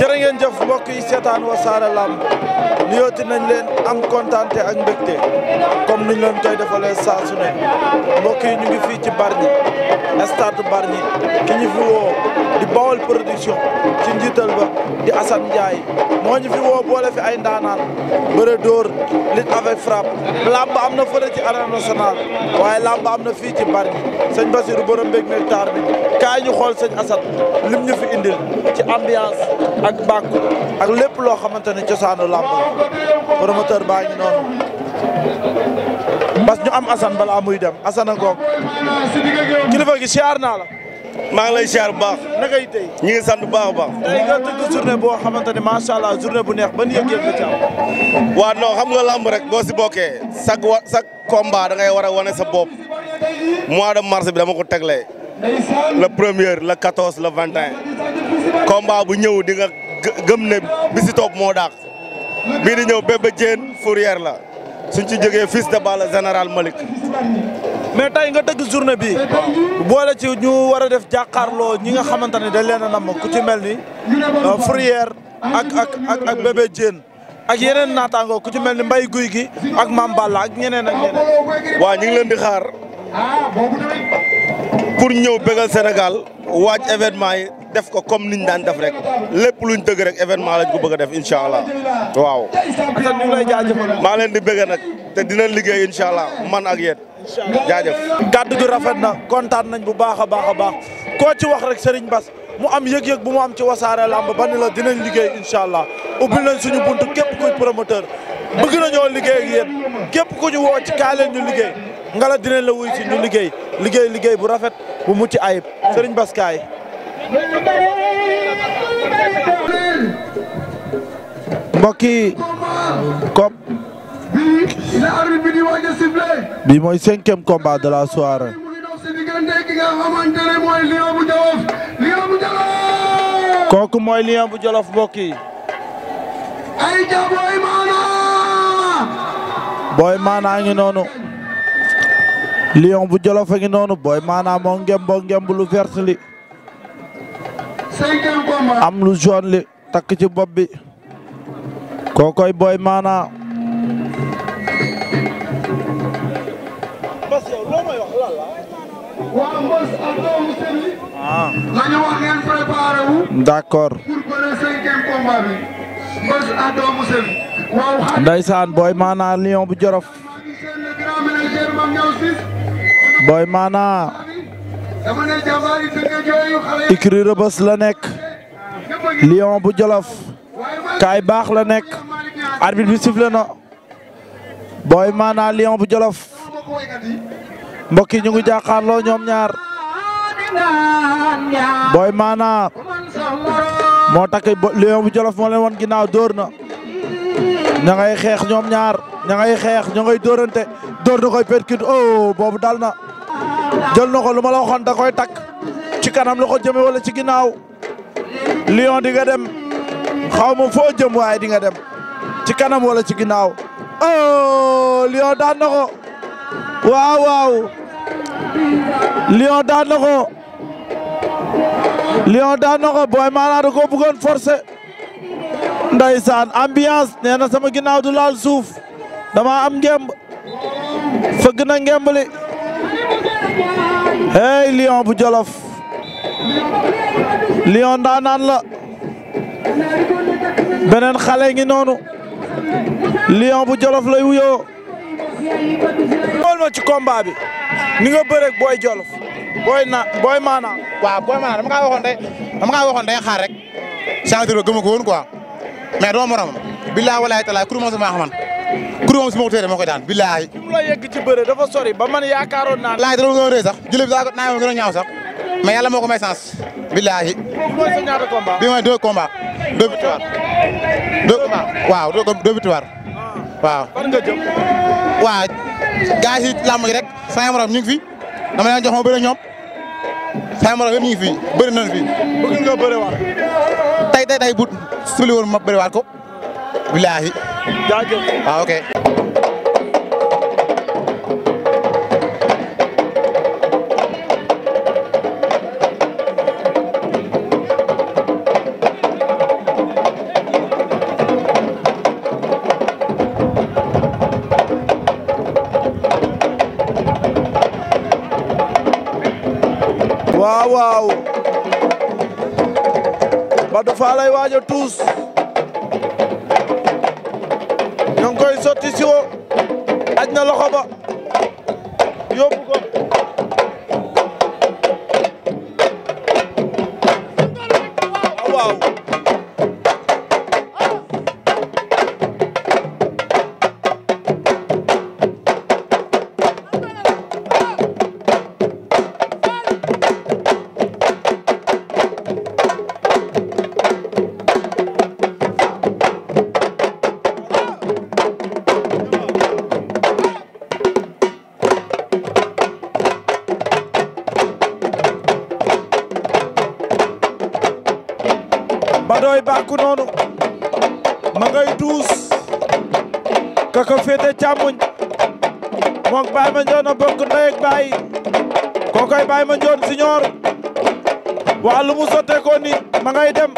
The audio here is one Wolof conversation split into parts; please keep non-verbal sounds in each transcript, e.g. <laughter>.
jërë ngeen jëf mbokk yi seetaan Wassare Lamb nuyooti nañ leen am kontaante ak mbégte comme nuñ leen koy defalee saa su mbokk yi ñu ngi fii ci Bargny stade Bargny ki ñu fi woo di Baol production ci njiital ba di Assane Ndiaye moo ñu fi woo boole fi ay ndaanaan bëre dóor lutte avec frappe lamb am na fële ci arène nationale waaye lamb am na fii ci Bargny sëñ Basiru borom mbég mel taar bi kaay ñu xool sëñ Assane lim ñu fi indil ci ambiance ak bàkku lépp loo xamante ne cosaanu làmb promoteur baa ngi noonu parce que am Assane balaa muy dem Assane ngoog kilifa gi siyaar naa la. maa ngi lay siyaar bu baax. naka yi tey. sant baax baax. tey nga tëgg journée boo xamante ne macha allah journée bu neex ban yëg-yëg nga am. xam nga làmb rek boo si bokkee chaque wa chaque ngay war a wane sa bop mois de mars bi dama ko tegle le premier le quatorze le vingt un combat bu ñëw di nga gëm bi si toog moo daax bii di ñëw Bébé Diène Fourrière la suñ ci jógee fils de Balla général Malick. mais tey nga tëgg journée bi boole ci ñu war a def jàkkaarloo ñi nga xamante ne dañ leen a namm ku ci mel ni euh, Fourrière ak ak ak ak ak yeneen naataangoo ku ci mel ni mbay Guy gi ak Mame Balla ak ñeneen ak ñeneen. waaw ñu ngi leen di xaar pour ñëw bégal Sénégal waaj événement yi. def ko comme niñ daan def rek lépp luñ dëgg rek événement lañ ko bëgg a def incha allah waaw. Assane maa leen di bëgg nag te dinañ liggéey incha allah man ak yéen. jaajëf. kàddu gi rafet na kontaan nañ bu baax a baax a baax koo ci wax rek Serigne bas mu am yëg-yëg bu mu am ci wasaare lamb ba ni la dinañ liggéey incha allah ubbil nañ suñu buntu képp kuy promoteur bëgg nañoo liggéey ak yéen képp ku ñu woo ci kaa ñu liggéey ngala dinañ la wuy si ñu liggéey liggéey liggéey bu rafet bu mucc ayib Serigne Bass kaay mbokk yi comme. bi mooy cinquième combat de la soirée. kooku mooy Lion bu Jolof mbokk yi. booy maanaa ngi noonu. Lion bu Jolof a ngi noonu booy maanaa moo ngem boo bu lu vert li. am lu jaune li takk ci bopp bi kookoy Boy Maana ah. d'accord ndaysaan Boy Maana lion bu Jolof Boy Maana Ikri Rëbës la nekk Lion bu Jolof kaay baax la nekk arbitre bi sifflé na Boy Maana Lion bu Jolof mbokk yi ñu ngi jàkkaarloo ñoom ñaar Boy Maana moo takk Lion bu Jolof moo leen wan ginnaaw dóor na ña ngay xeex ñoom ñaar ña ngay xeex ña ngay dóorante dóor na koy percute oh boobu dal na jël na ko lu ma koy takk ci kanam la ko jëme wala ci ginnaaw lion di nga dem xaw ma foo jëm waaye di dem ci kanam wala ci ginnaaw oh lion daan na waaw waaw lion daan na ko lion ko booy maanaa ndaysaan ambiance nee sama ginnaaw du laal suuf dama am ngemb fëgg na ngemb hey lion bu jolof lion daanaan la beneen xale ngi noonu lion bu jolof lay wuyoo xool ci combat bi ni nga bëreeg booy jolof booy na booy maanaam waaw booy maanaam dama kaa waxoon day waxoon day xaar rek chantre ba gëma ko woon quoi mais doo moromam billaa walaay talaay kuru ma sama xaman ku moom su ma ko teeree daan billaahi fi mu sori ba man yaakaaroon naa laaj dara gën a rëy sax jël bi daa naa gën a ñaaw sax mais yàlla moo ko may sens billaahi bi mooy deux combat deux victoire deux combat waaw deux victoire ah. waaw fan nga jëm waaw gars yi làmb gi rek sama morom ñu ngi fi dama leen jox ma bëri ñoom sama morom yëpp ñu ngi fi bëri fi bëgg nga bëri waat tey tey tey woon ma bëri ko billaahi jaajëf ah, waaw waaw Badou Fall lay waaj a sotti si tous ka ko féete càmmuñ moog Baye Mandione a bokk ndey ak baay kookoy Baye Mandione siñoor waa sotte ko ni dem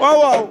waaw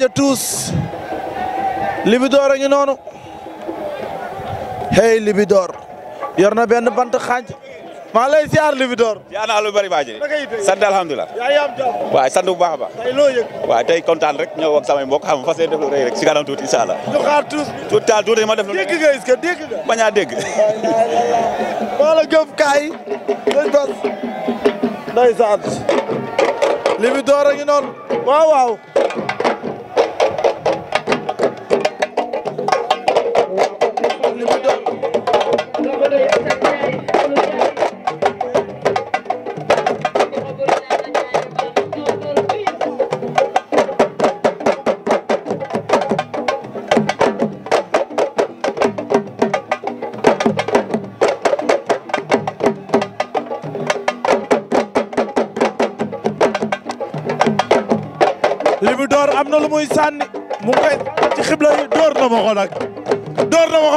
waaj a tuus Libidor a ngi noonu hey Libidor yor na benn bant xànc maa lay siyaar Libidor. yaa naa lu bari baa ji sant alhamdulilah. waaw sant bu baax a baax. tey loo yëg. waaw tey kontaan rek ñëw ak samay mbokk xam nga fas yéene def lu rëy rek si kanam tuuti incha allah. ñu xaar tuuti. tuuti taal tuuti ma def. dégg nga est-ce que dégg nga. bañ a dégg. maa la gëm kaay. dañ bas. ndeysaan. Libidor a ngi noonu. waaw waaw.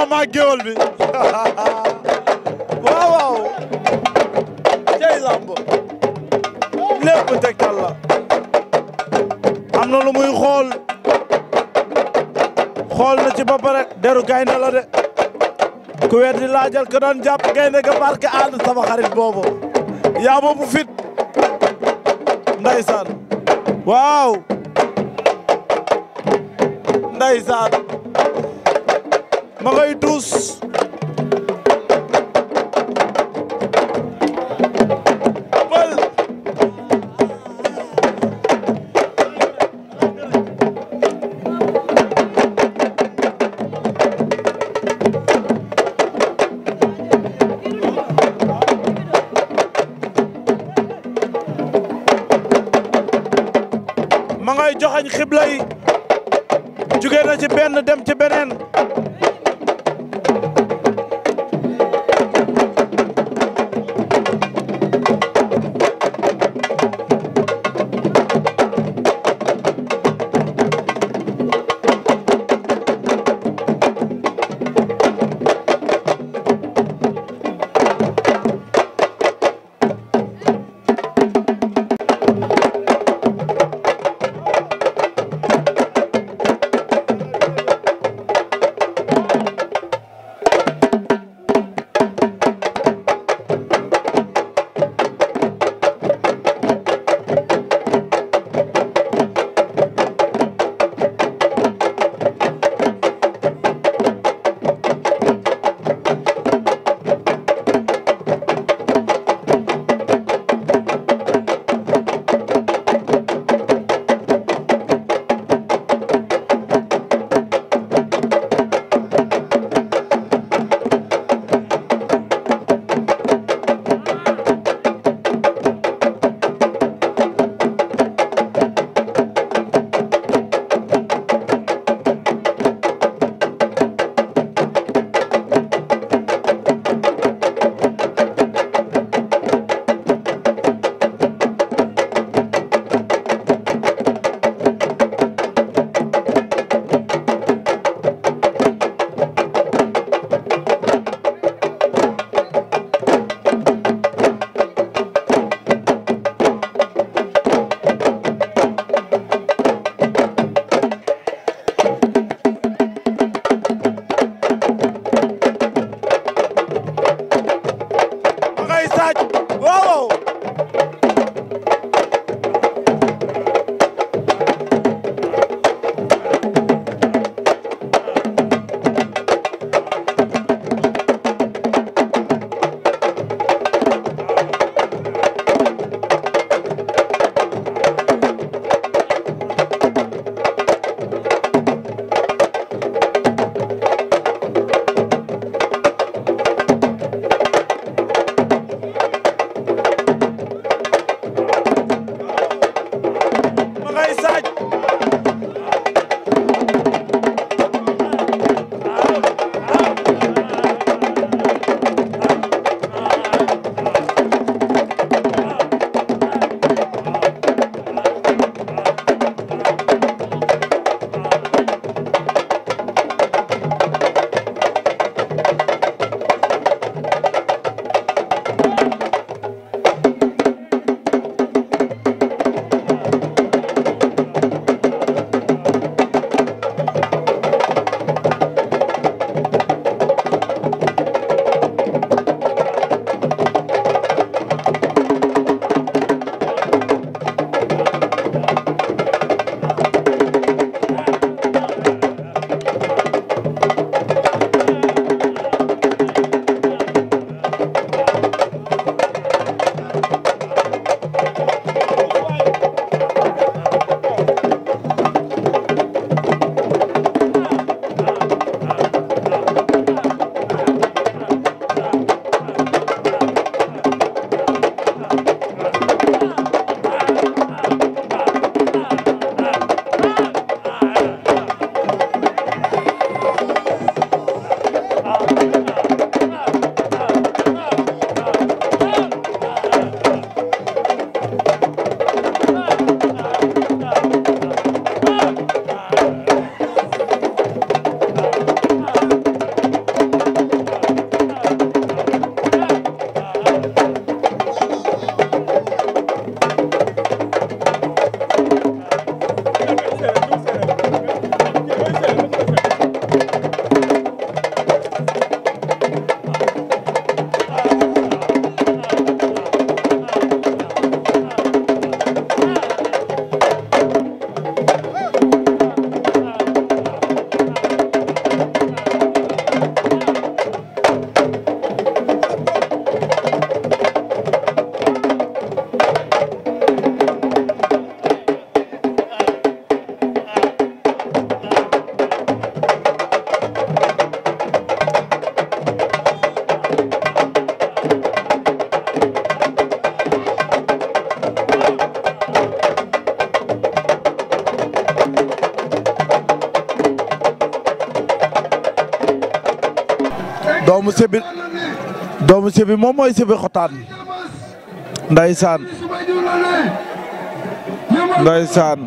xeex maa géwél bi <laughs> waaw waaw cey am na lu muy xool xool na ci ba deru gaynde de ku wet di laajal ko doon jàpp gaynde ga barke ànd sama xarit boobu yaa boobu fit ndeysaan waaw ndeysaan ma ngay duus ma ngay joxañ xibla yi jugee na ci benn dem ci beneen sibi moom mooy sibi xotaan ndaysaan ndaysaan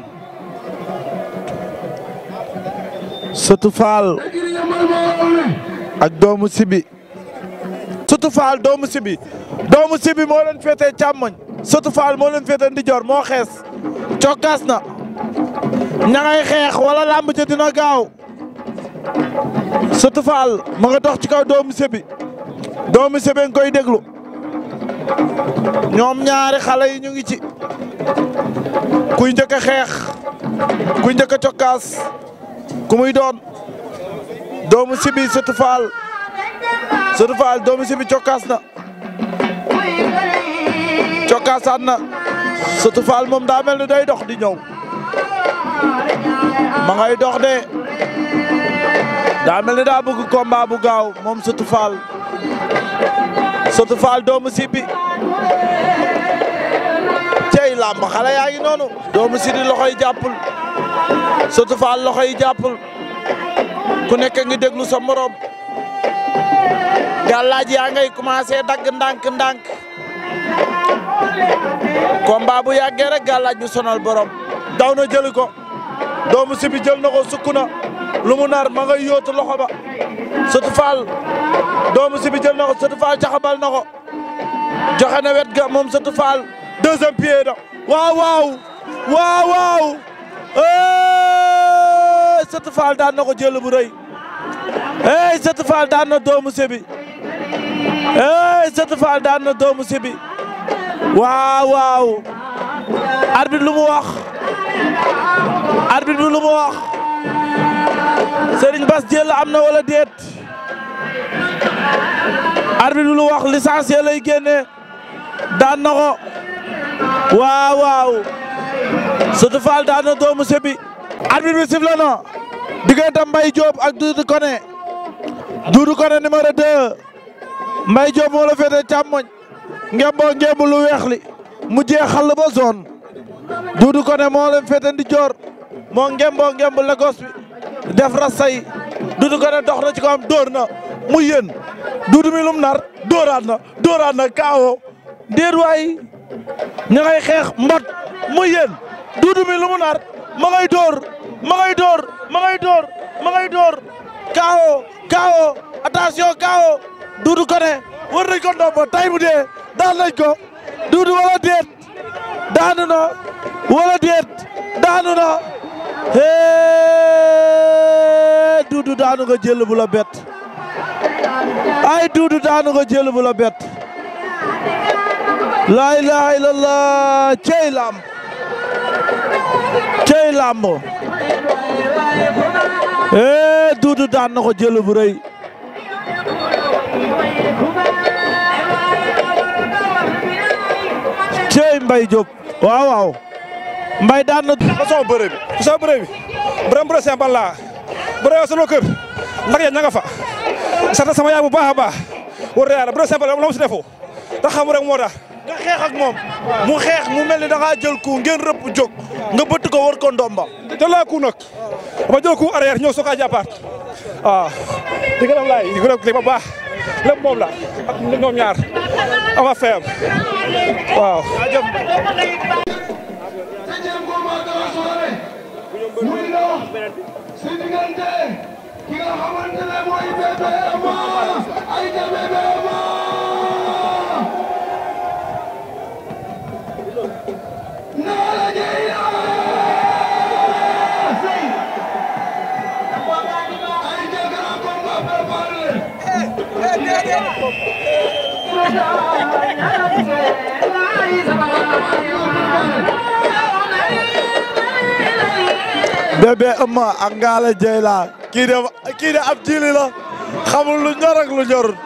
sëtu faal ak doomu sibi sëtu doomu sibi doomu sibi moo leen féetee càmmoñ sëtu faal moo leen féetee ndijoor moo xees cokkaas na ña xeex wala làmb ja dina gaaw sëtu faal ma nga dox ci kaw doomu sibi doomu Sébé koy déglu ñoom ñaari xale yi ñu ngi ci kuy njëkk a xeex kuy njëkk a cokkaas ku muy doon doomu Sibi Sëtu Faal Sëtu Faal doomu Sibi cokkaas na cokkaasaat moom daa mel ni day dox di ñëw ma ngay dox de daa mel ni daa bëgg combat bu moom Sëtu Sëtu Faal doomu Sibi cey làmb xale yaa noonu doomu Sibi loxo yi jàppul Sëtu Faal loxo yi jàppul ku nekk ngi déglu sa morom gàllaaj yaa ngay commencé dagg ndànk-ndànk combat bu yàggee rek gàllaaj bi sonal borom daw na jël ko doomu Sibi jël na ko sukk na lu mu nar ma ngay yóotu loxo ba Sëtu Faal doomu si bi jël na ko sëtu faal jaxabal na ko joxe na wet ga moom sëtu faal deuxième pied da waaw waaw waaw waaw hey faal daan na ko jël bu rëy hey sëtu faal daan na doomu si bi hey sëtu faal daan na doomu si waaw waaw arbitre lu wax arbitre bi wax Serigne Bass jël am na wala déet arbitre bi wax licencié lay génne daan na waaw waaw Sëtu Faal daan na doomu sebi arbitre bi sifle na diggante Mbaye Diop ak Doudou Koné Doudou Koné numéro 2 Mbaye Diop moo la féete càmmoñ ngemboo ngemb lu weex li mu zone Doudou Koné moo la féete moo ngemboo ngemb Lagos def rasay dudu gën a dox na ci ko am dóor na mu yéen dudu mi lum nar dóoraat na dóoraat na kaawo déet waay ña xeex mbot mu yéen dudu mi lu mu nar ma dóor ma dóor ma dóor kaawo kaawo attention kaawo duudu ko ne war nañ ko ndombo tay bu dee daan nañ ko duudu wala déet daanu na wala déet daanu na hee duudu daanu nga jël bu la bett ay duudu daanu nga jël bu la bett laa ilaaha illallah cey làmb cey làmb hee duudu daan na ko jël bu rëy cey Mbay Jóob waaw waaw mbay daan na. façon bëre bi façon bëre laa bëre sama kër ndax ya ña nga fa sant sama yaay bu baax a baax war na yàlla bëre simple la mu si moom mu xeex mu mel ni da jël ku ngeen rëpp jóg nga bëtt ko war ko ndomba. jël laa ku nag dama jël ku arrière ñëw soog a jàppaat waaw ah, di gërëm baax lépp la ak ama fayam waaw. muy dox si diggante ki nga xamante ne mooy bébé ama ay bébé bébé ëmma ak ngaala jey laa kii de xamul lu ñor ak lu ñorut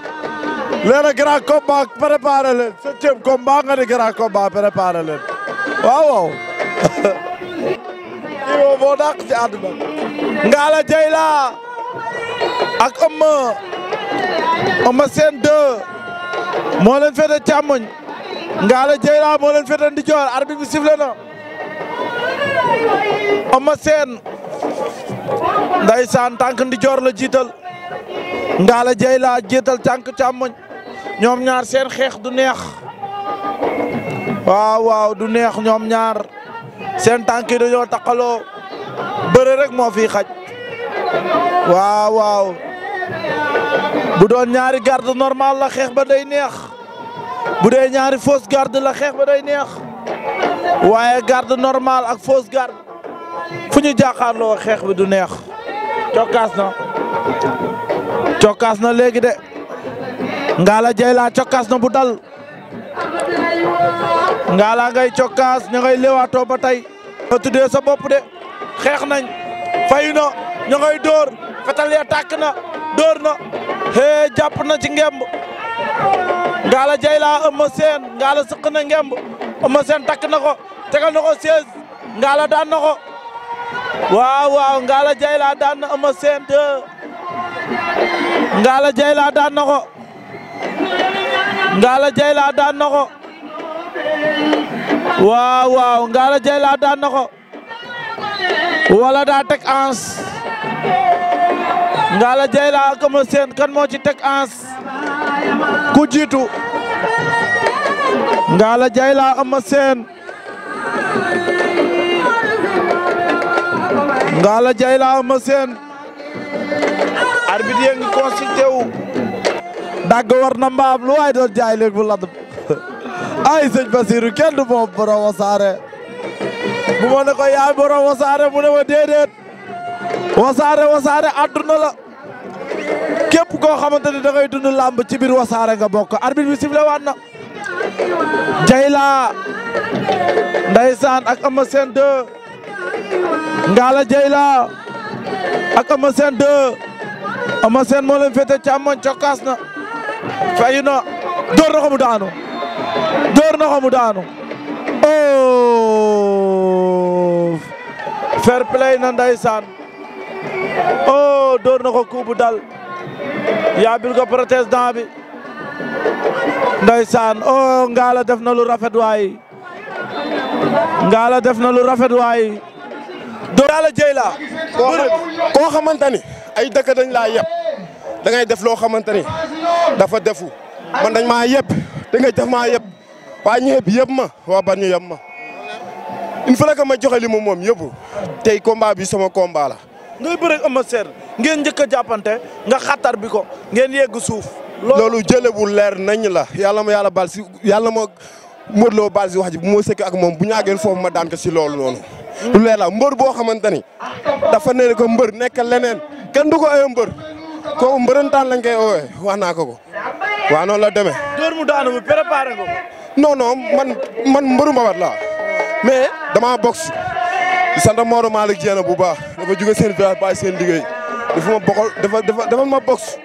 leena grand combat préparé leen nga di grand combat préparé waaw waaw <laughs> kii moom moo dàq ci àdduna ngaala jey ak ëmma ëmma seen deux moo fete càmmoñ ngaala jey laa fete ndijoor arbitre bi sifle Eumeu Sène ndaysaan tànk ndi joor la jiital ngaala Dieye la jiital tànk càmmoñ ñoom ñaar seen xeex du neex waaw waaw du neex ñoom ñaar seen tànk yi dañoo taqaloo bëre rek moo fi xaj waaw waaw bu doon ñaari garde normal la xeex ba day neex bu dee ñaari fausse garde la xeex ba day neex waaye garde normal ak foos garde fu ñu jàkkaarloo xeex bi du neex cokkaas na cokaas na léegi de Ngalla Dieyla cokaas na bu dal Ngalla ngay cokaas ña ngay leewaatoo ba tey nga sa bopp de xeex nañ fayu na ña ngay dóor fetal ya tàkk na dóor na hee jàpp na ci ngemb Ngalla Dieyla Eumeu Sène Ngalla sëq na ngemb Eumeu Sène takk na tegal na ko siège Ngalla daan na ko waaw waaw Ngalla Diayla daan na Eumeu Sène 2 Ngalla Diayla daan na ko Ngalla Diayla daan na ko waaw waaw Ngalla Diayla daan na ko daa teg ans Ngalla Diayla ak Eumeu kan moo ci teg ans ku jiitu Ngalla Diayla Eumeu Sène Ngalla Diayla Eumeu Sène ngi consulté wu dagg war mbaam lu waay doon jaay bu ladd ay sëñ Basiru kenn du moom borom wasaare bu ma ko yaay borom wasaare mu ne ma déedéet wasaare wasaare àdduna la képp xamante ne da ngay dund làmb ci biir wasaare nga bokk arbitre bi sifflé waat Jayla ndeysaan ak Eumeu Sène 2 Ngalla Jayla ak Eumeu Sène 2 Eumeu Sène moo leen féete càmmoñ cokkaas na fayu na door daanu door na daanu oh fair play na ndeysaan oh door na kuubu dal yaabil ko prétendant bi ndeysaan oh Ngalla def na lu rafet waay Ngalla def na lu rafet waay. doo Ngalla jëy la koo xamante ni ay dëkk dañ laa yeb da ngay def loo xamante ni dafa defu man dañ ma yeb da ngay def maa yeb waa ñëpp yeb ma waa ban ñu yeb ma. il faut que ma joxe li mu moom yëpp tey combat bi sama combat la. ngay bëre Eumeu Sène ngeen njëkk a jàppante nga xattar bi ko ngeen yegg suuf. loolu jële bu leer nañ la yàlla ma yàlla baal si yàlla ma Modou Lo baal si wax ji bu ma sëkk ak moom bu ñu foofu ma daan ko si loolu noonu. lu leer la mbër boo xamante ni dafa ne ko mbër nekk leneen kenn du ko ay mbër kooku mbërëntaan lañ koy oowee wax naa ko ko waaw noonu la demee. dóor mu daanu mu préparé ko. non man man mbëru mbabat laa mais damaa box sant Maodo Malick Dieng bu baax dafa jóge seen village bàyyi seen liggéey. dafa ma bokkal dafa dafa ma box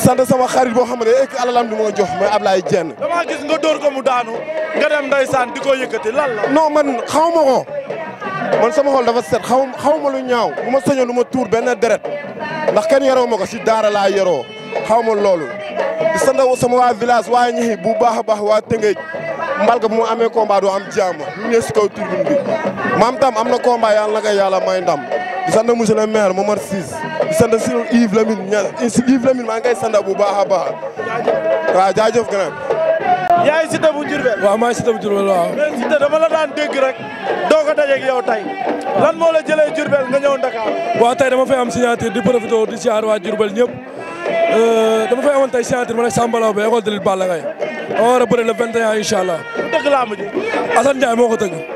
sant sama xarit boo xam ne ek alalam li ma jox mooy Ablaye Dieng. damaa gis nga dóor ko mu daanu nga dem ndeysaan di ko yëkkati la. non man xaw ma ko man sama xol dafa set xaw xaw ma lu ñaaw bu ma soñoon lu ma tuur benn deret ndax kenn yaroo ma ko si daara laa yaroo xaw ma loolu. di sant sama waa village waa ñi bu baax a baax waa Tëngéej mbalka bu mu amee combat doo am jàmm ñu ne si kaw tribune bi maam tam am na combat yàlla na ko yàlla may ndam di sant sant si Yves Lamine ña si Yves Lamine maa ngi koy bu baax a waa jaajëf waaw jaajëf grand. yaa ngi Siteu bu Diourbel. waaw maa ngi Siteu bu dama la daan dégg rek doo ko dajeeg yow tey lan moo la jëlee Diourbel nga ñëw Dakar. waaw tey dama fay am signature di profité di siyaar waa Diourbel ñëpp euh, dama fay amoon tey signature man ak Samba Laobé école de lutte Balla Gaye. on war a bëri le 21 incha allah. dëgg laa moo ko tëgg.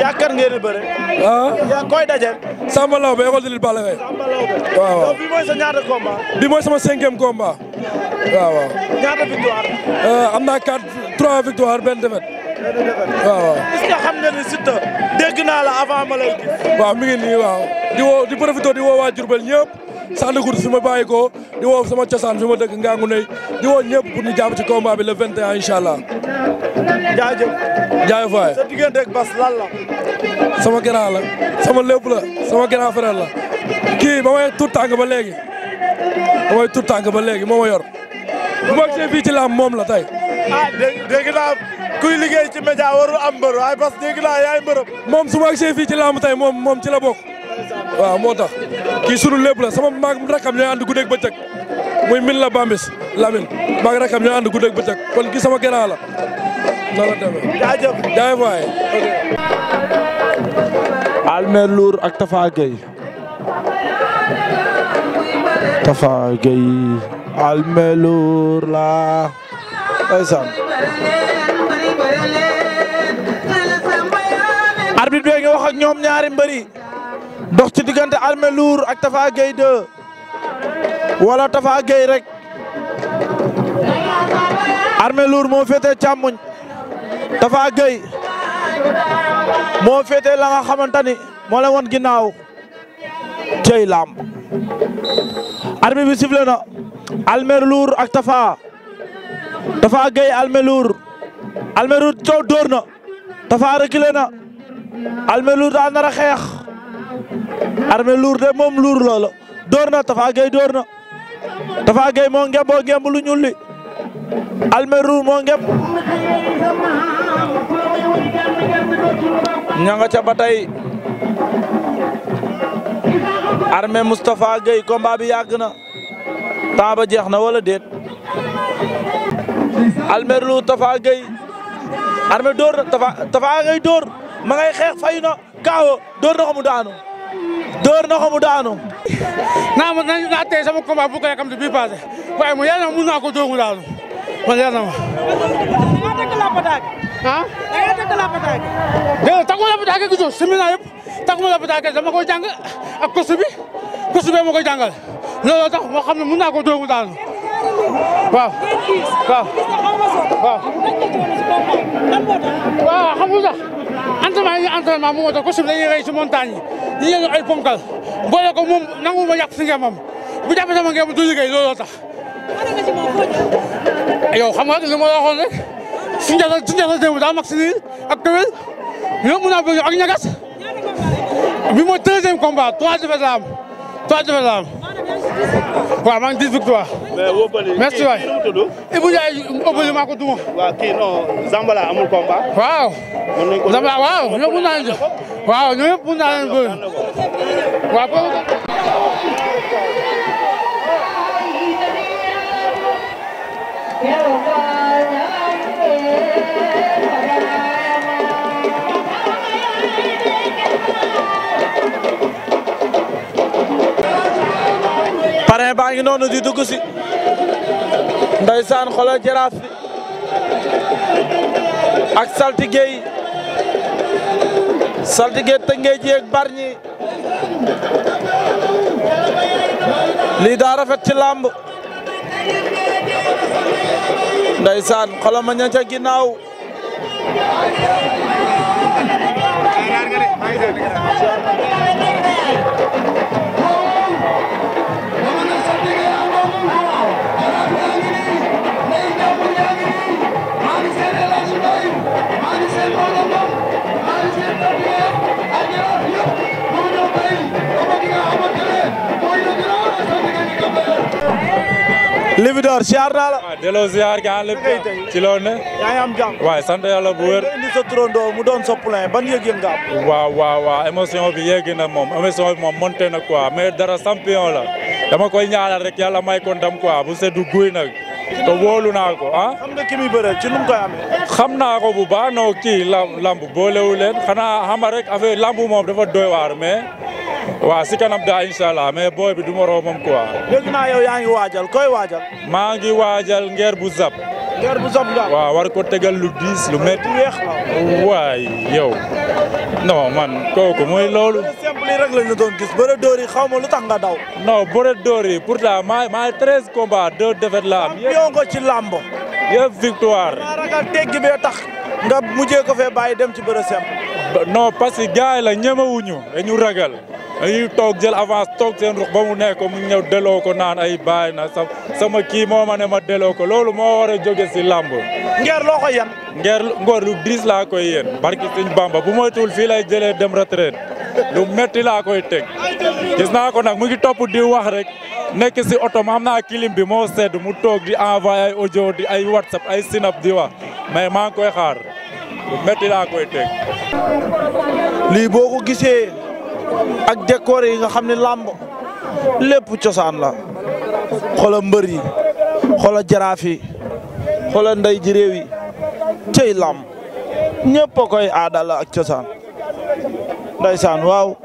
yaakaar ngeen di bëre. ah yaa daje. Samba Laobé école de lutte Balla Gaye. Samba bii mooy sa ñaata combat. bii mooy sama cinquième combat. waaw waaw. ñaata victoire. Euh, am naa quatre trois victoire benn défaite. benn défaite waaw waaw. dégg naa la avant ma lay gis. waaw nii waaw di woo di profité di woo waa Sandakour fi ma bàyyi ko di woo sama cosaan fi ma dëkk Ngangu Ney di woo ñëpp pour ñu jàpp ci combat bi le 21 incha allah. jaajëf. jaajëf waay. sa diggante ak sama grand la sama lépp la sama grand frère la kii ba may tuut tànk ba léegi ba may tuut tànk ba léegi moo ma yor bu ma gisee fii ci làmb moom la tay ah dégg dégg naa kuy liggéey ci média warul am mbër waaye parce que dégg naa yaay mbërëm. moom su ma gisee fii ci làmb tey moom moom ci la bokk. waaw moo tax kii sunu lépp la sama maag rakam ñooy ànd guddeeg bëccëg muy min la bambis lamin maag rakam ñooy ànd guddeeg bëccëg kon kii sama gànnaar la nan ak Tafa Gueye. Tafa Gueye la ndeysaan. arbitre bi nga ñoom ñaari mbëri. dox ci diggante Armé Lour ak Tafa Gueye 2 wala Tafa Gueye rek arme Lour moo féetee càmmuñ Tafa Gueye moo féetee la nga xamante ni moo la woon ginnaaw cey lamb armé bi sifflé na Armé Lour ak Tafa Tafa Gueye Armé Lour Armé Lour coow dóor Tafa reculé na Armé Lour daa nar a xeex armée lour de moom lour loola door na Tafa Gueye door na Tafa Gueye moo ngem boo ngemb lu ñuul moo ngem ña nga ca ba tey armée Moustapha Gueye combat bi yàgg na temps ba jeex na wala déet armée lour Tafa Gueye Tafa Gueye door ma xeex fayu kaawo door na daanu dóor na ko mu daanu. <laughs> naa ma naa tey sama combat bu ko yàkkam bi passé waaye man yàlla na ma naa ko dóor mu daanu man yàlla na ma. da nga tëgg lapataak. ah da nga tëgg lapataak. déedéet tàggoo lapataak gi gisoo séminaire koy jàng ak kosu bi kosu bi ma koy looloo tax moo xam ne mu naa ko dóor mu daanu. waaw waaw waaw waaw xam nga sax entraînement yi entraînement moo tax ko sub dañuy rey si ñu yëngu ay ponkal boole ko nangu ma yàq si ngeen moom bu du liggéey looloo tax. yow xam nga li ma la rek suñu jàll suñu jàll ak këwel ñoom mun naa ak ñagas bi mooy treizième combat trois défaites la trois défaites la am waaw maa victoire. merci waay Ibou Ndiaye ëpp li maa ko duma. waaw kii non Zambala amul combat. waaw. mën nañu ko Zambala waaw ñoom mun waaw ñun ñëpp mën naa leen bëri waaw boobu. parrain baa ngi noonu di dugg si. ndeysaan xoolal jaraaf bi ak saltige yi saltige tëngéej yeeg barñi lii daa rafet ci làmb ndeysaan xolama ña ca ginnaaw Libidor ziar naa la. waaw ah, delloo ziar gaa lépp ci loolu ne. yaa ngi am jàmm. waaw sant yàlla bu wér. indi sa doon sa poulain ban yëg-yëg waaw waaw waaw émotion bi yegg na moom émotion bi moom monté na quoi mais dara champion la dama koy ñaanal rek yàlla may ko ndam quoi bu seddu guy nag. te wóolu naa ko ah. xam ki muy bëre naa ko bu baax non kii lamb lamb boolewu leen xanaa xama a affaire lamb moom dafa doy waar mais. <laughs> waaw si kanam daa incha allah mais booy bi du ma romam quoi. yaa ngi waajal koy waajal. maa ngi waajal ngeer bu zap. ngeer bu war ko tegal lu diis lu métti. weex waay yow. non man kooku mooy loolu. simple yi rek doon gis bëre dóor xaw ma lu tax nga daw. non bëre dóor yi pourtant maa maa treize combats deux défaites la am. yëpp victoire. tax. nga mujjee ko fee bàyyi dem ci bëre simple. non parce que gars yi la ñemewuñu dañu ragal dañuy toog jël avance toog seen ruux ba mu nekk mu ñëw delloo ko naan ay bàyyi na sa sama kii moo ma ne ma delloo ko loolu moo war joge si làmb. ngeer loo ko yéen. ngeer ngoor lu diis laa koy yéen. barki suñ bamba bu moytuwul fii lay jëlee dem retraite lu metti laa koy teg gis naa ko nag mu ngi topp di wax rek nekk si oto ma naa kilim bi moo sedd mu toog di envoyé ay audio di ay whatsapp ay sinap di wax mais maa ngi koy xaar. métti laa lii boo ko gisee ak décor yi nga xam ne làmb lépp cosaan la xoolal mbër yi xoolal jaraaf yi xoolal ndey ji réew yi cey làmb ñëpp koy aada la ak cosaan ndeysaan waaw.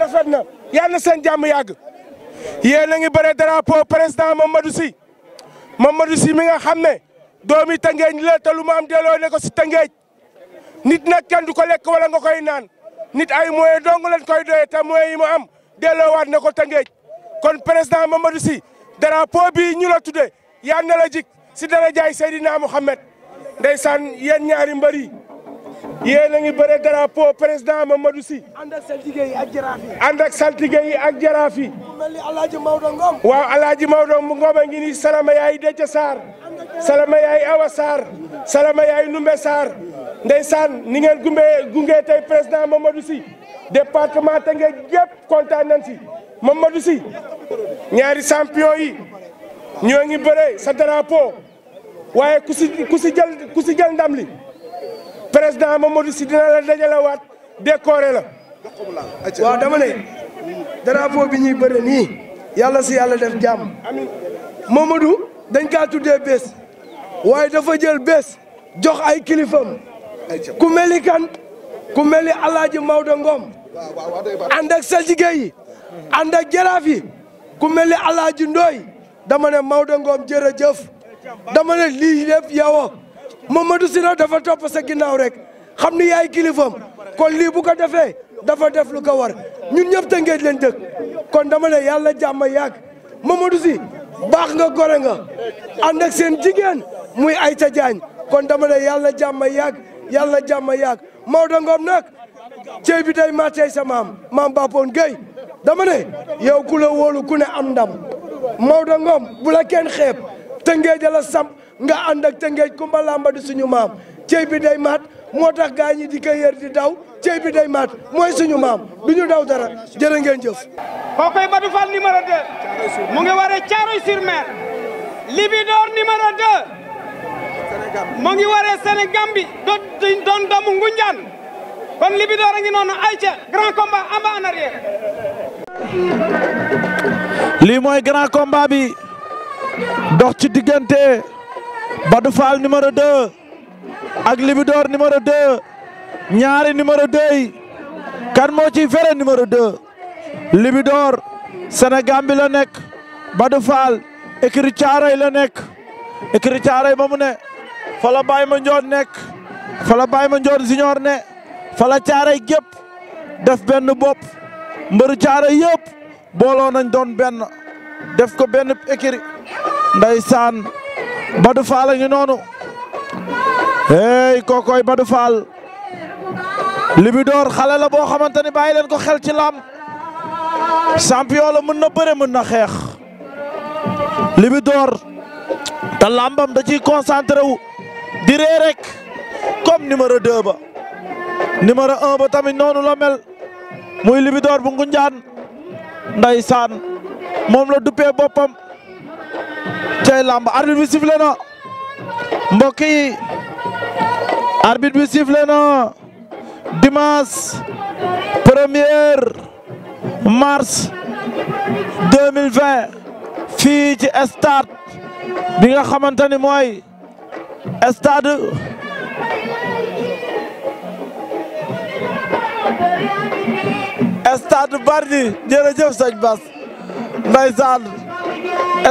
rafet na. yàlla na seen jàmm yàgg yéen a ngi bëre drapeau président ma Sy Mamadou Sy mi nga xam ne doomi Tëngéej la te lu ma am delloo ne ko si Tëngéej nit nag kenn du ko lekk wala nga koy naan nit ay moyen dong lañ koy doyee te moyen yi ma am delloowaat na ko Tëngéej kon président Mamadou Sy drapeau bii ñu la tuddee yàlla na la jik si darajaay Seydina Mouhamed ndeysaan yéen ñaari mbër yi yéen a ngi bëre drapeau président Mamadou Sy. ànd ak saltige yi ak jaraaf yi. ànd ak saltige yi ak jaraaf yi. mu mel ni El Hadj Maodo Ngom. waaw El Hadj Maodo Ngom a ngi nii Salama yaay Déthié Sarr. Salama yaay Awa Sarr. Salama yaay Numbe Sarr. ndeysaan ni ngeen gunge gunge tey président Mamadou Sy. département Tëngéej yëpp kontaan nañ si. Mamadou Sy ñaari champion yi ñoo ngi bëre sa drapeau waaye ku si ku ku si jël ndam li. président Mamadou Sy la dajalewaat décoré la. waaw dama ne drapeau bi ñuy bëre nii yàlla si yàlla def jàmm. Mamadou dañ kaa tuddee bés waaye dafa jël bés jox ay kilifam ku mel ni kan ku mel ni Alaaji Maodo Ngom ànd ak saltige yi ku mel ni Alaaji Ndooy dama ne Maodo Ngom jërëjëf dama ne lii lépp yow Mamadou Sylla dafa topp sa ginnaaw rek xam ni yaay kilifam kon lii bu ko defee dafa def lu ko war ñun ñëpp Tëngéej leen dëkk kon dama ne yàlla jàmm yàgg Mamadou si baax nga gore nga ànd ak seen jigéen muy ca Diagne kon dama ne yàlla jàmm yàgg yàlla jàmm yàgg Maodo Ngom nag cey bi day màccee sa maam maam Bapoon Gueye dama ne yow ku la wóolu ku ne am ndam Maodo Ngom bu la kenn xeeb Tëngéej la samp nga ànd ak tëngeej kumba làmba di suñu maam cey bi day maat moo tax gaa ñi di ko yër di daw cey bi day maat mooy suñu maam du ñu daw dara jërë ngeen jëf kookoy Badou Fall numéro 2 mu ngi waree Thiaroye sur Mer Libidor numéro 2 mu ngi waree Sénégambie doon doon doomu Ngunjaan kon Libidor a ngi noonu ayca grand combat amba en arrière lii grand combat bi dox ci diggante Badou Fall numéro 2 ak Libidor numéro 2 ñaari numéro 2 yi kan moo fere numéro 2 Libidor Sénégal bi la nekk Badou Fall écurie Thiaroye la nekk écurie Thiaroye ba mu ne fa la Baye Mandione nekk fa la Baye Mandione ne fa la Thiaroye gépp def benn bopp mbëru Thiaroye yëpp booloo nañ doon benn def ko benn écurie ndeysaan Badou Fall a ngi noonu hey kokoy Badou Fall Libidor xale la boo xamante ni bàyyi leen ko xel ci lam champion la mën na bëre mën na xeex Libidor te lambam da ciy concentré wu di ree rek comme numéro 2 ba numéro 1 ba tamit noonu la mel muy Libidor bu Ngunjaan ndeysaan moom la duppee boppam cey lamb arbitre bi sifflé na mbokk yi arbitre bi sifflé na dimanche premier mars fii ci stade bi nga xamante ni mooy stade stade Bargny jërëjëf sëñ Bass ndeysaan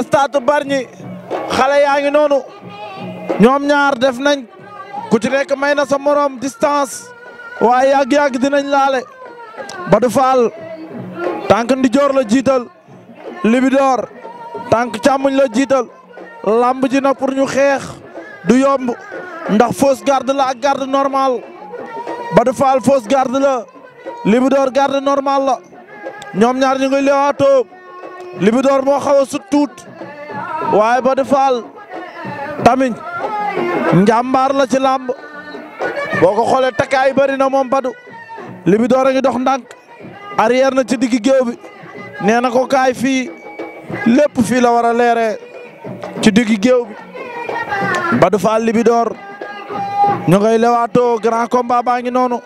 stade Bargny xale yaa ngi noonu ñoom ñaar def nañ ku ci nekk may na sa morom distance waaye yàgg-yàgg dinañ laale Badou Fall tànk ndijoor la jiital Libidor tànk càmmuñ la jiital lamb ji na pour ñu xeex du yomb ndax fausse garde la ak garde normal Badou Fall fausse garde la Libidor garde normal la ñoom ñaar ñu ngi leewaatoo Libidor moo xaw a sut tuut waaye Badi Fall tamit njàmbaar la ci làmb boo ko xoolee takkaay bari na moom Badu Libidor a ngi dox ndànk arrière na ci diggi géew bi nee ko kaay fii lépp fii la war a leeree ci diggi géew bi Badu Fall Libidor ñu ngay lewaatoo grand combat baa ngi noonu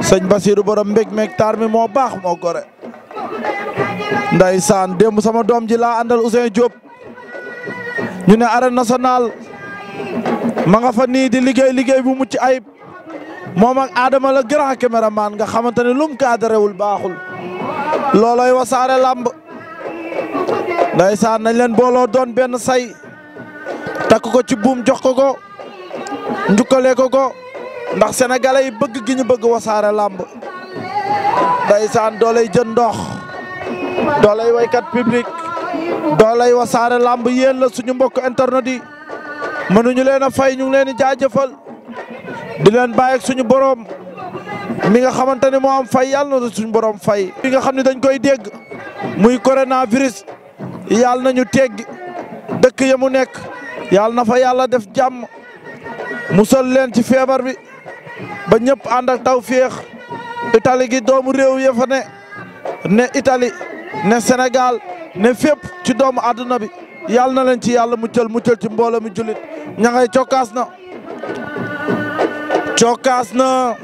sëñ Basiru borom mbég meeg taar mi moo baax moo gore ndaysaan démb sama doom ji laa àndal Ousin Diop ñu ne arène nationale ma nga fa nii di liggéey liggéey bu mucc ayib moom ak Adama la grand caméraman nga xamante ne lum cadréwul baaxul looloy wasaare làmb ndaysaan nañ leen booloo doon benn say takk ko ci buum jox ko ko njukkalee ko ko ndax sénégalais yi bëgg gi ñu bëgg wasaare làmb ndaysaan dooley jën ndox doolay waykat public doolay wasaare làmb yéen la suñu mbokk internet yi mënuñu leen a fay ñu ngi leen di jaajëfal di leen bàyyi suñu borom mi nga xamante ne moo am fay yàlla na suñu borom fay. bi nga xam ne dañ koy dégg muy coronavirus yàlla nañu tegg dëkk ya mu nekk yàlla na fa yàlla def jàmm mu sol leen ci feebar bi ba ñëpp ànd ak tawféex féex gi doomu réew ya fa ne ne Italie. ne Sénégal ne fépp ci doomu àdduna bi yàlla na leen ci yàlla muccal muccal ci mbooloo mi jullit ña ngay cokkaas na cokkaas na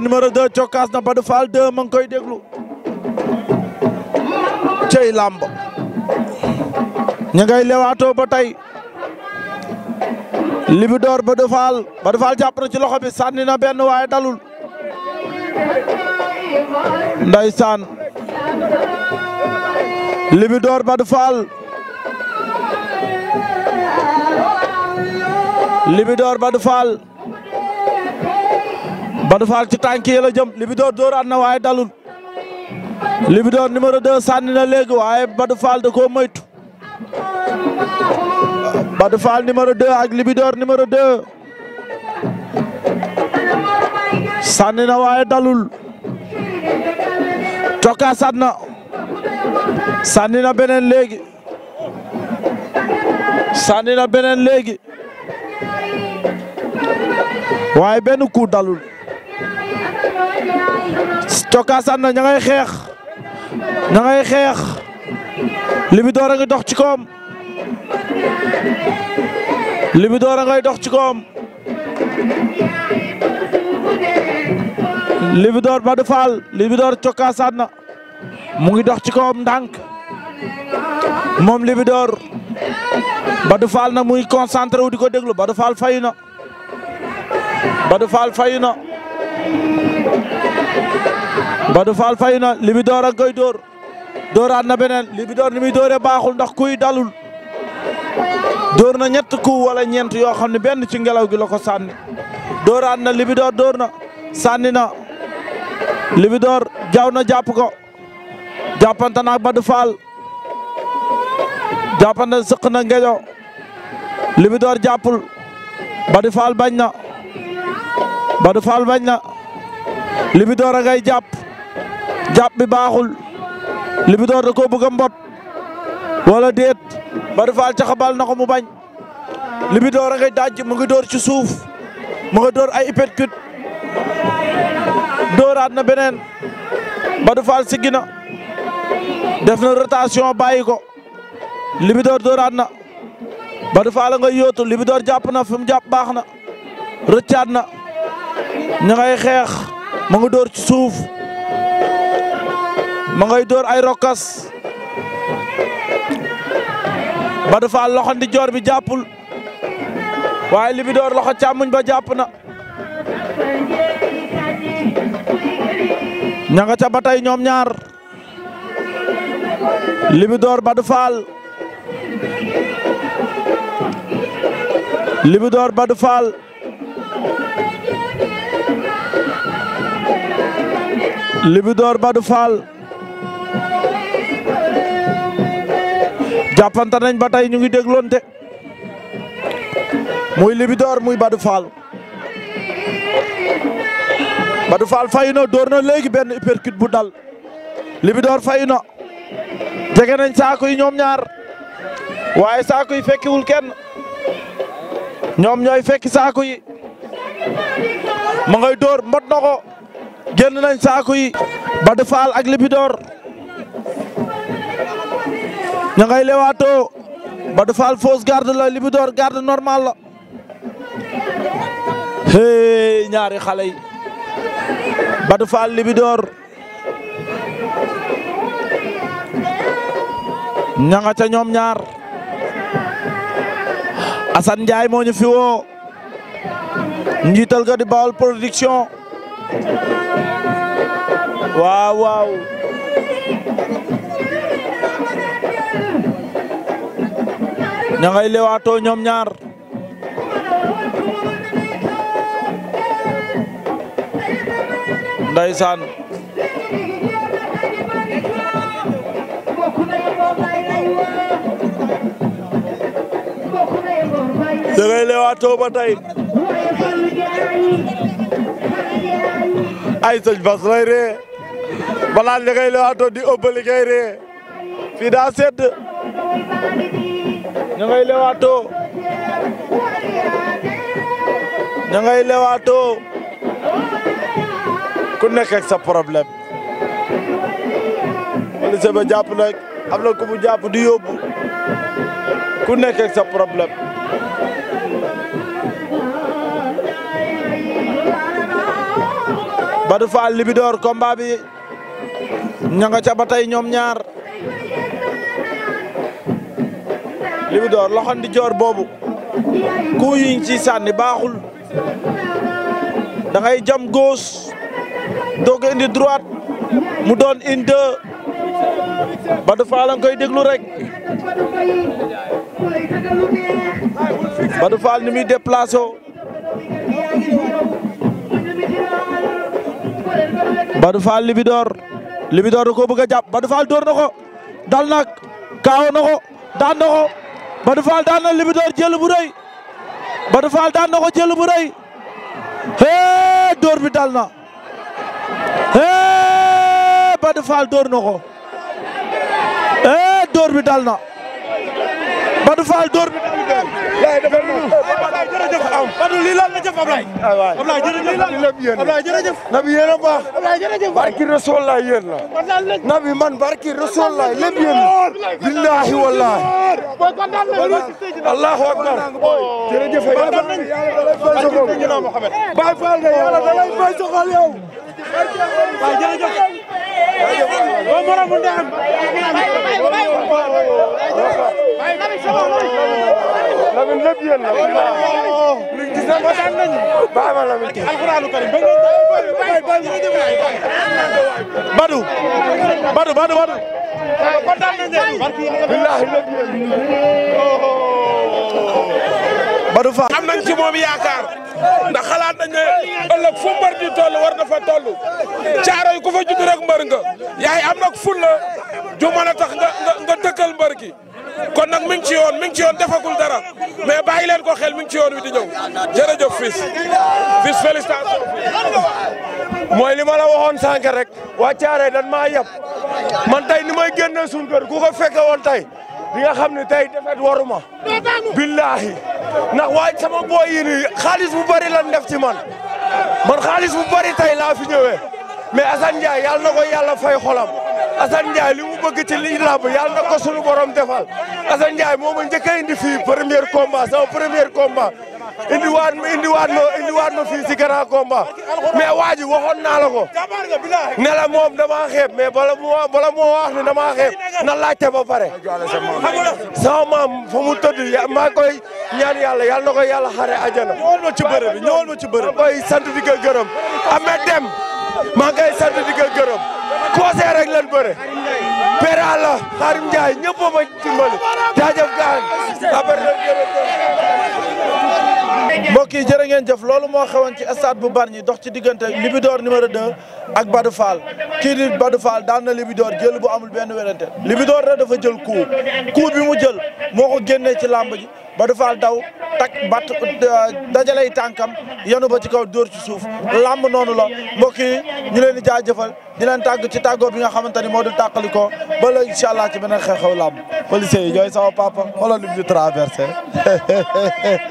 numéro 2 cokkaas na Badou Fall 2 ma ngi koy déglu cey làmb ña ngay ba tey Libidor Badou Fall Badou Fall jàpp na ci loxo bi sànni na benn waaye dalul ndeysaan Libidor Badou Fall Libidor Badou Fall ci tànk yi la jëm Libidor dóoraat waaye dalul Libidor numéro 2 sànni na léegi waaye Badou Fall da koo moytu Badou Fall numéro 2 ak Libidor numéro 2 sànni na waaye dalul cokkaasaat na sànni na beneen léegi sànni na beneen léegi waaye benn coup dalul cokkaasaat na ña xeex ña ngay xeex Libidor a dox ci koom Libidor a ngay dox ci koom Libidor Badou Fall Libidor cokkaasaat na mu ngi dox ci kawam ndànk moom Libidor Badou Fall na muy concentré wu di ko déglu Badou Fall fayu na Badou Fall fayu na Badou Fall fayu na Libidor ak koy dóor dóoraat na beneen Libidor ni muy doore baaxul ndox kuy dalul dóor na ñett ku wala ñeent yoo xam ne benn ci ngelaw gi la ko sànni dóoraat na Libidor na sànni na Libidor jaaw na jàpp ko jàppante na ak Badou Fall jàppante sëq na ngejo Libidor jàppul Badou Fall bañ na Badou Fall bañ na Libidor a ngay jàpp jàpp bi baaxul Libidor da koo bëgg a mbot wala déet Badou Fall caxabal na ko mu bañ Libidor a ngay daj mu ngi door ci suuf mu ngi door ay dóoraat na beneen Badou Fall siggi na def na rotation bàyyi ko Libidor dóoraat na Badou Fall nga yóotu Libidor jàpp na fi mu jàpp baax na rëccaat na ña ngay xeex ma nga dóor ci suuf ma ngay dóor ay rokkas Badou Fall loxo ndijoor bi jàppul waaye Libidor loxo càmmuñ ba jàpp na ña nga ca ba ñoom ñaar Libidor Badou Fall Libidor Badou Fall Libidor Badou Fall jàppante nañ ba tey ñu ngi dégloonte muy Libidor muy Badou Fall Badou Fall fayu na door na léegi benn uppercut bu dal Libidor fayu jege nañ saako yi ñoom ñaar waaye saako yi fekkiwul kenn ñoom ñooy fekk saako yi ma ngay door mbot na ko génn nañ saako yi Badou Fall ak Libidor ña ngay lewaatoo Badou Fall fausse garde la Libidor garde normal la hey ñaari xale yi Badou Fall Libidor ña nga ca ñoom ñaar Assane Ndiaye moo ñu fi woo njiital ga di Baol Production waaw waaw ña lewaatoo ñoom ñaar ndeysaan da ngay leewaatoo ba ay sëñ Bas lay ree balaa di ëbbali ngay ree fii daa sedd ku nekk sa problème Wally Séba jàpp nag am na ku mu jàpp di yóbbu ku nekk sa problème Badou Fall Libidor combat bi ña nga ca ba tey ñoom ñaar Libidor loxo di joor boobu ku yi ci ciy sànni baaxul da ngay jam góos doog a indi droite mu doon une deux Badou koy déglu rek Badou Fall ni muy déplacé Badou Fall Libidor Libidor da koo bëgg a jàpp Badou Fall door na ko dal na kaaw na ko daan na ko Badou Fall daan na Libidor jël bu rëy Badou Fall daan na ko jël bu hee door bi dal hee Badou Fall door na ko hee bi dal na Badou Fall door bi dal taxaw Badou lii lan la jëf Ablaye ah, Ablaye jërëjëf Ablaye jërëjëf Nabi yéen a baax Ablaye jërëjëf barki Rasul la yéen la Nabi man barki Rasul la lépp yéen billahi wallahi Allahu akbar jërëjëf Baye Fall nga yàlla da lay fay soxal yow doo moromu ndeyam Lamine lépp yéen la kontaan nañu baax na Lamine tey alxuraanu karim Badou Badou Badou Badou kontaan nañu billahi lépp yéen Badou am nañ ci moom yaakaar ndax xalaat nañ ne ëllëg fu mbër di war na fa toll caaro yi ku fa judd rek mbër nga yaay am nag ful la ju mën a tax nga nga dëkkal mbër gi kon nag mi ci yoon mi ci yoon defagul dara mais bàyyi leen ko xel mi ngi ci yoon wi di ñëw jërëjëf fils fils félicitation mooy ni ma la waxoon sànq rek waa caaro yi ma yab man tey ni may génne suñu kër ku ko fekke woon tey di nga xam ne tey defet waruma billahi ndax waaj sama booy yi nii xaalis bu bëri lan def ci man man xaalis bu bëri tey laa fi ñëwee mais Assane Ndiaye yàlla na ko yàlla fay xolam Assane Ndiaye li mu bëgg ci liñ làmb yàlla na ko suñu borom defal Assane Ndiaye moo ma a indi fii premier combat sama premier combat indi waat indi waat ma si grand combat mais waa ji waxoon naa la ko ne la moom damaa xeeb mais bala moo wax ne damaa xeeb na laajte ba pare sama maam fa mu tëdd maa koy ñaan yàlla yàlla na ko yàlla xare ajana bi ñëwal ma koy sant gërëm Ahmed Deme maa koy sant gërëm poosé rek lan bëre Pera la Xarim Njaay ñëpp a ma dimbali jaajëf gaay après mbokk yi jërë ngeen jëf loolu moo xewoon ci stade bu Bargny dox ci diggante Libidor numéro 2 ak Badou Fall kii di Badou Fall daan na Libidor jël bu amul benn werante Libidor da dafa jël coup coup bi mu jël moo ko génnee ci làmb ji Badou Fall daw tak bat euh, dajalay tànkam yenu ba ci kaw dóor ci suuf làmb noonu la mbokk yi ñu leen di jaajëfal di leen tàgg ci tàggoo bi nga xamante ni moo dul tàqalikoo ba la incha allah ci beneen xew-xew làmb policier yi ñooy sama papa xoolal li mu <laughs>